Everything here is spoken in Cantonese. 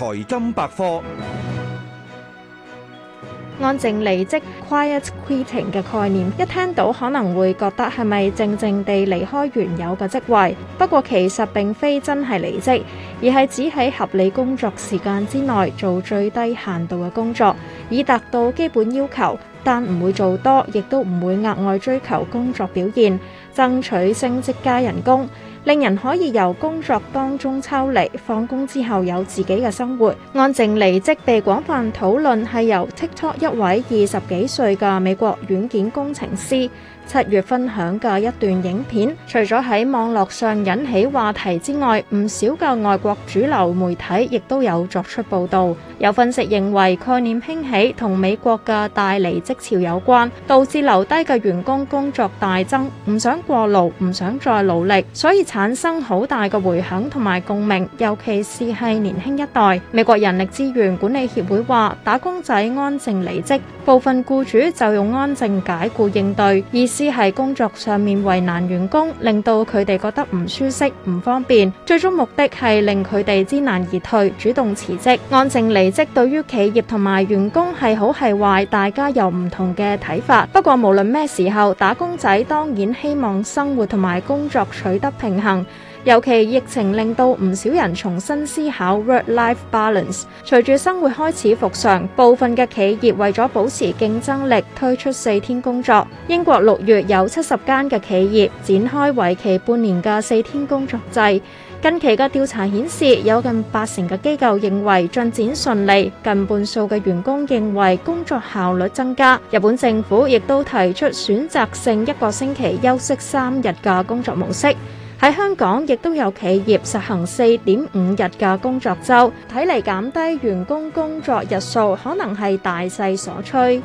財金百科，安靜離職 （quiet quitting） 嘅概念，一聽到可能會覺得係咪靜靜地離開原有嘅職位？不過其實並非真係離職，而係只喺合理工作時間之內做最低限度嘅工作，以達到基本要求，但唔會做多，亦都唔會額外追求工作表現，爭取升職加人工。令人可以由工作當中抽離，放工之後有自己嘅生活。安靜離職被廣泛討論，係由 TikTok 一位二十幾歲嘅美國軟件工程師七月分享嘅一段影片。除咗喺網絡上引起話題之外，唔少嘅外國主流媒體亦都有作出報道。有分析認為，概念興起同美國嘅大離職潮有關，導致留低嘅員工工作大增，唔想過勞，唔想再努力，所以。產生好大嘅迴響同埋共鳴，尤其是係年輕一代。美國人力資源管理協會話：打工仔安靜離職。部分僱主就用安靜解僱應對，意思係工作上面為難員工，令到佢哋覺得唔舒適、唔方便，最終目的係令佢哋知難而退，主動辭職。安靜離職對於企業同埋員工係好係壞，大家有唔同嘅睇法。不過無論咩時候，打工仔當然希望生活同埋工作取得平衡。尤其疫情令到唔少人重新思考 work-life balance。隨住生活開始復常，部分嘅企業為咗保持競爭力，推出四天工作。英國六月有七十間嘅企業展開為期半年嘅四天工作制。近期嘅調查顯示，有近八成嘅機構認為進展順利，近半數嘅員工認為工作效率增加。日本政府亦都提出選擇性一個星期休息三日嘅工作模式。喺香港，亦都有企業實行四點五日嘅工作週，睇嚟減低員工工作日數，可能係大勢所趨。